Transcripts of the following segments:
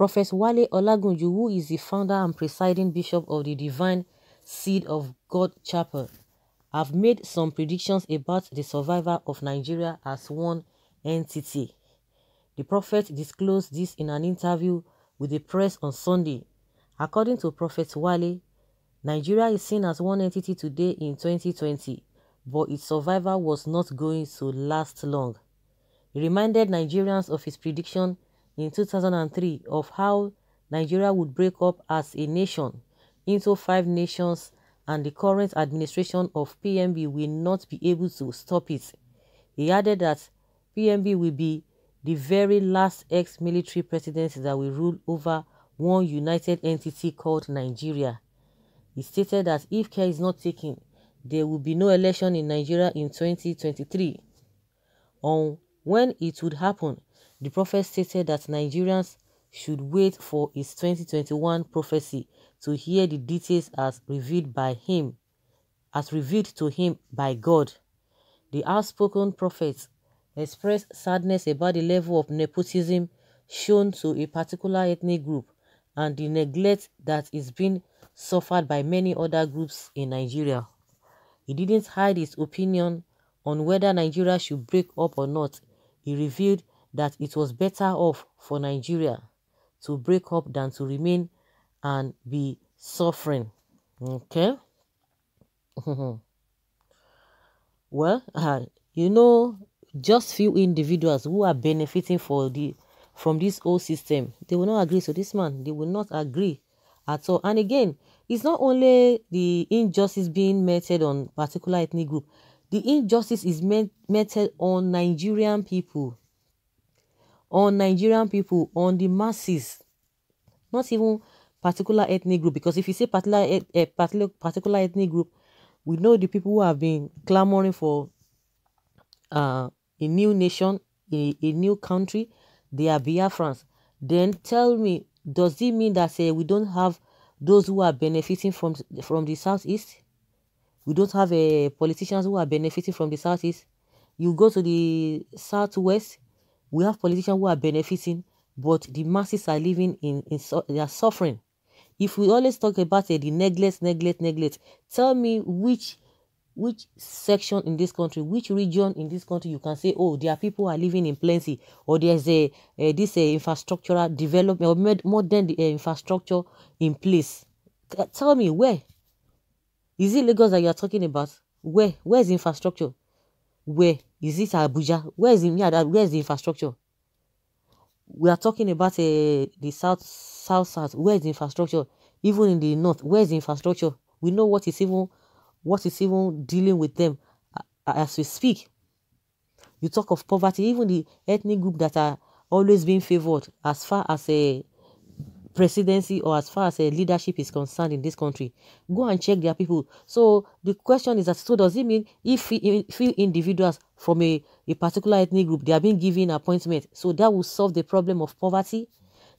Prophet Wale Olagunju, who is the founder and presiding bishop of the Divine Seed of God Chapel, have made some predictions about the survival of Nigeria as one entity. The prophet disclosed this in an interview with the press on Sunday. According to Prophet Wale, Nigeria is seen as one entity today in 2020, but its survival was not going to last long. He reminded Nigerians of his prediction in 2003 of how Nigeria would break up as a nation into five nations and the current administration of PMB will not be able to stop it. He added that PMB will be the very last ex-military president that will rule over one united entity called Nigeria. He stated that if care is not taken, there will be no election in Nigeria in 2023. On when it would happen, the prophet stated that Nigerians should wait for his 2021 prophecy to hear the details as revealed by him, as revealed to him by God. The outspoken prophet expressed sadness about the level of nepotism shown to a particular ethnic group and the neglect that is being suffered by many other groups in Nigeria. He didn't hide his opinion on whether Nigeria should break up or not. He revealed that it was better off for Nigeria to break up than to remain and be suffering. Okay? well, uh, you know, just few individuals who are benefiting for the from this whole system, they will not agree. So this man, they will not agree at all. And again, it's not only the injustice being meted on particular ethnic group. The injustice is met meted on Nigerian people on Nigerian people, on the masses, not even particular ethnic group. Because if you say particular, et, eh, particular, ethnic group, we know the people who have been clamoring for uh, a new nation, a, a new country, they are Biafrans. Then tell me, does it mean that eh, we don't have those who are benefiting from from the southeast? We don't have uh, politicians who are benefiting from the southeast. You go to the southwest, we have politicians who are benefiting, but the masses are living in, in so, they are suffering. If we always talk about the neglect, neglect, neglect, tell me which which section in this country, which region in this country you can say, oh, there are people are living in plenty, or there's a, a this a eh, infrastructural development or made modern uh, eh, infrastructure in place. Tell me where is it Lagos that you are talking about? Where where is infrastructure? Where is it Abuja? Where is the, yeah, where is the infrastructure? We are talking about uh, the south, south, south. Where is the infrastructure? Even in the north, where is the infrastructure? We know what is even, what is even dealing with them as we speak. You talk of poverty, even the ethnic group that are always being favored as far as a eh, presidency or as far as a eh, leadership is concerned in this country. Go and check their people. So the question is that so does it mean if few individuals from a, a particular ethnic group, they are being given appointment. So that will solve the problem of poverty.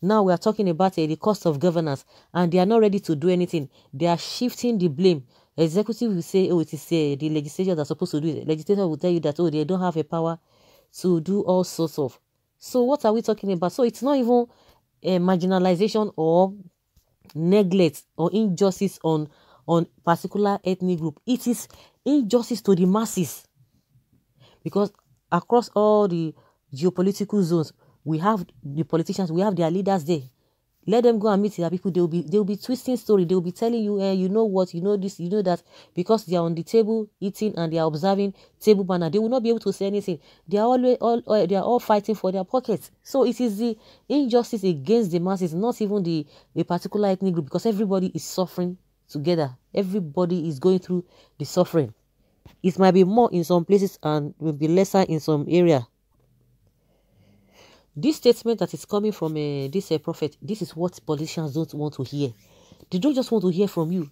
Now we are talking about uh, the cost of governance, and they are not ready to do anything. They are shifting the blame. Executive will say, oh, it is uh, the legislature that's supposed to do it. Legislature will tell you that, oh, they don't have a power to do all sorts of. So what are we talking about? So it's not even a eh, marginalization or neglect or injustice on on particular ethnic group. It is injustice to the masses. Because across all the geopolitical zones, we have the politicians, we have their leaders there. Let them go and meet their people. They'll be they'll be twisting story. They'll be telling you, eh, you know what, you know this, you know that, because they are on the table eating and they are observing table manner. They will not be able to say anything. They are always all, all they are all fighting for their pockets. So it is the injustice against the masses, not even the a particular ethnic group, because everybody is suffering together. Everybody is going through the suffering. It might be more in some places and will be lesser in some area. This statement that is coming from uh, this uh, prophet, this is what politicians don't want to hear. They don't just want to hear from you.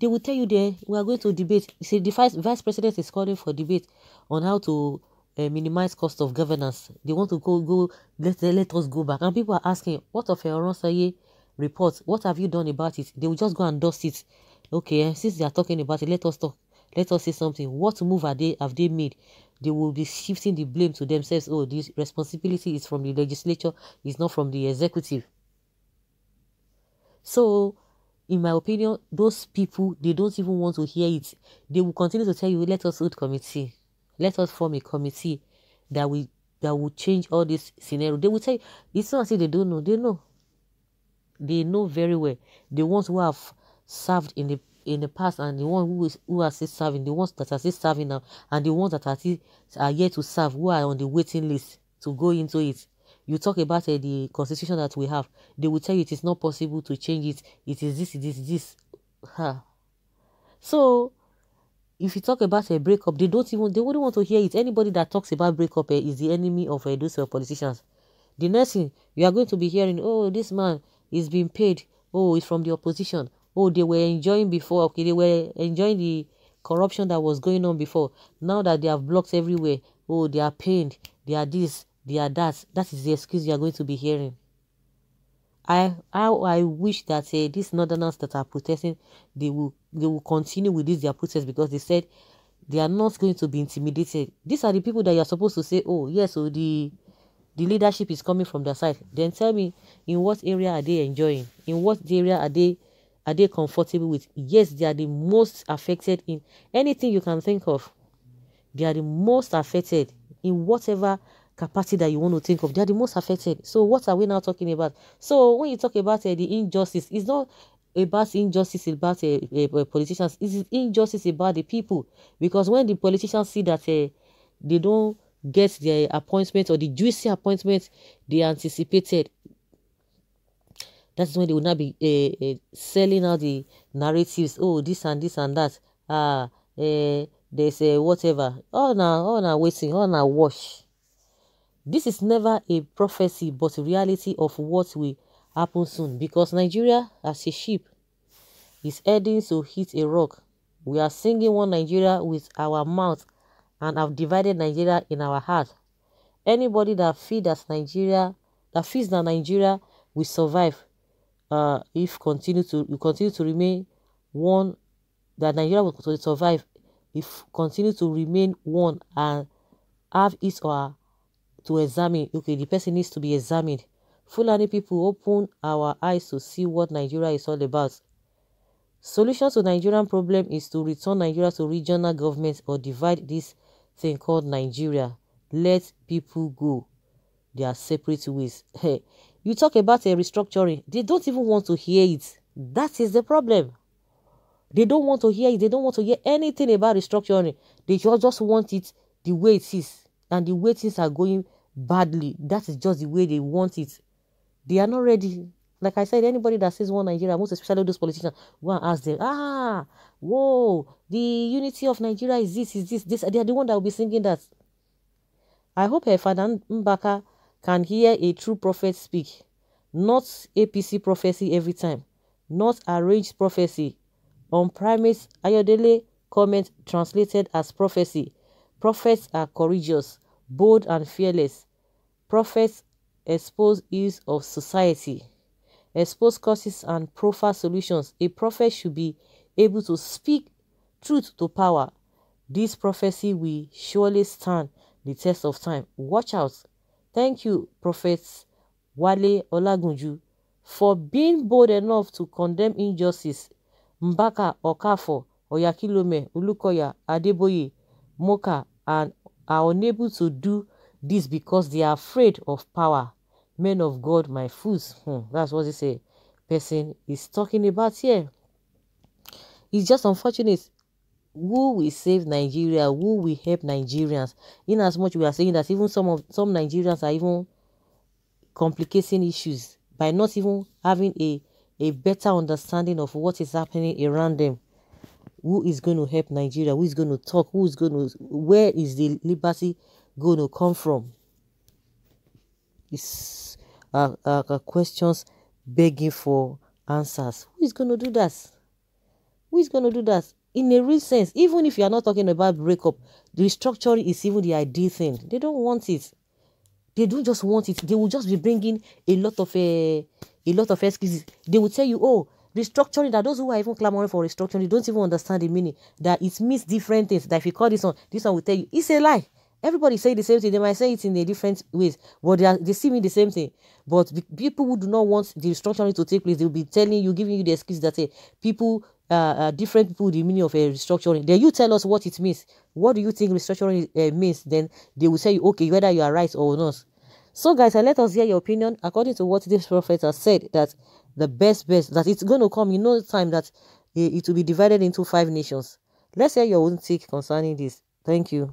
They will tell you there, we are going to debate. You see, the vice, vice president is calling for debate on how to uh, minimize cost of governance. They want to go, go let, let us go back. And people are asking, what of your Oronsaye report? What have you done about it? They will just go and dust it. Okay, since they are talking about it, let us talk let us say something what move are they have they made they will be shifting the blame to themselves oh this responsibility is from the legislature it's not from the executive so in my opinion those people they don't even want to hear it they will continue to tell you let us hold committee let us form a committee that will that will change all this scenario they will tell you it's not as if they don't know they know they know very well the ones who have served in the in the past and the ones who who are still serving, the ones that are still serving now, and the ones that are still are yet to serve, who are on the waiting list to go into it. You talk about uh, the constitution that we have. They will tell you it is not possible to change it. It is this, it is this. Huh. So, if you talk about a eh, breakup, they don't even they wouldn't want to hear it. Anybody that talks about breakup uh, is the enemy of uh, those uh, politicians. The next thing you are going to be hearing, oh, this man is being paid. Oh, he's from the opposition oh they were enjoying before okay they were enjoying the corruption that was going on before now that they have blocks everywhere oh they are pained they are this they are that that is the excuse you are going to be hearing i how I, I wish that uh, these northerners that are protesting they will they will continue with this their protest because they said they are not going to be intimidated these are the people that you are supposed to say oh yes so oh, the the leadership is coming from their side then tell me in what area are they enjoying in what area are they are they comfortable with? Yes, they are the most affected in anything you can think of. They are the most affected in whatever capacity that you want to think of. They are the most affected. So what are we now talking about? So when you talk about uh, the injustice, it's not about injustice about uh, uh, politicians. It's injustice about the people. Because when the politicians see that they don't get their appointment or the juicy appointment they anticipated, that's when they will not be uh, uh, selling all the narratives. Oh, this and this and that. Ah, uh, eh, they say whatever. Oh, now, oh, now, waiting. Oh, now, wash. This is never a prophecy, but reality of what will happen soon. Because Nigeria, as a ship, is heading to hit a rock. We are singing one Nigeria with our mouth and have divided Nigeria in our heart. Anybody that feeds that Nigeria, that feeds that Nigeria will survive, uh, if continue to you continue to remain one that Nigeria will survive if continue to remain one and have it or to examine okay the person needs to be examined Fulani people open our eyes to see what Nigeria is all about solution to Nigerian problem is to return Nigeria to regional governments or divide this thing called Nigeria let people go their separate ways You talk about a restructuring, they don't even want to hear it. That is the problem. They don't want to hear it. They don't want to hear anything about restructuring. They just want it the way it is. And the way things are going badly, that is just the way they want it. They are not ready. Like I said, anybody that says one Nigeria, most especially those politicians, go and ask them, ah, whoa, the unity of Nigeria is this, is this, this. They are the one that will be singing that. I hope Fadan Mbaka can hear a true prophet speak. Not APC prophecy every time. Not arranged prophecy. On premise, Ayodele comment translated as prophecy. Prophets are courageous, bold and fearless. Prophets expose ills of society. Expose causes and proffer solutions. A prophet should be able to speak truth to power. This prophecy will surely stand the test of time. Watch out. Thank you, Prophet Wale Olagunju, for being bold enough to condemn injustice. Mbaka okafo Oyakilome, Ulukoya, Adeboye, Moka, and are unable to do this because they are afraid of power. Men of God, my fools. Hmm, that's what this person is talking about here. It's just unfortunate who will save Nigeria, who will help Nigerians. In as much we are saying that even some of some Nigerians are even complicating issues by not even having a, a better understanding of what is happening around them. Who is going to help Nigeria? Who is going to talk? Who is going to where is the liberty going to come from? It's uh, uh, questions begging for answers. Who is going to do that? Who is going to do that? in a real sense, even if you are not talking about breakup, the restructuring is even the ideal thing. They don't want it. They don't just want it. They will just be bringing a lot of uh, a lot of excuses. They will tell you, oh, restructuring that those who are even clamoring for restructuring don't even understand the meaning that it means different things. That if you call this one, this one will tell you it's a lie. Everybody say the same thing. They might say it in a different ways, but they, are, they see me the same thing. But people who do not want the restructuring to take place, they will be telling you, giving you the excuse that say eh, people uh, uh, different people the meaning of a uh, restructuring. Then you tell us what it means. What do you think restructuring uh, means? Then they will say, okay, whether you are right or not. So, guys, let us hear your opinion according to what this prophet has said that the best, best, that it's going to come in no time that it will be divided into five nations. Let's hear your own take concerning this. Thank you.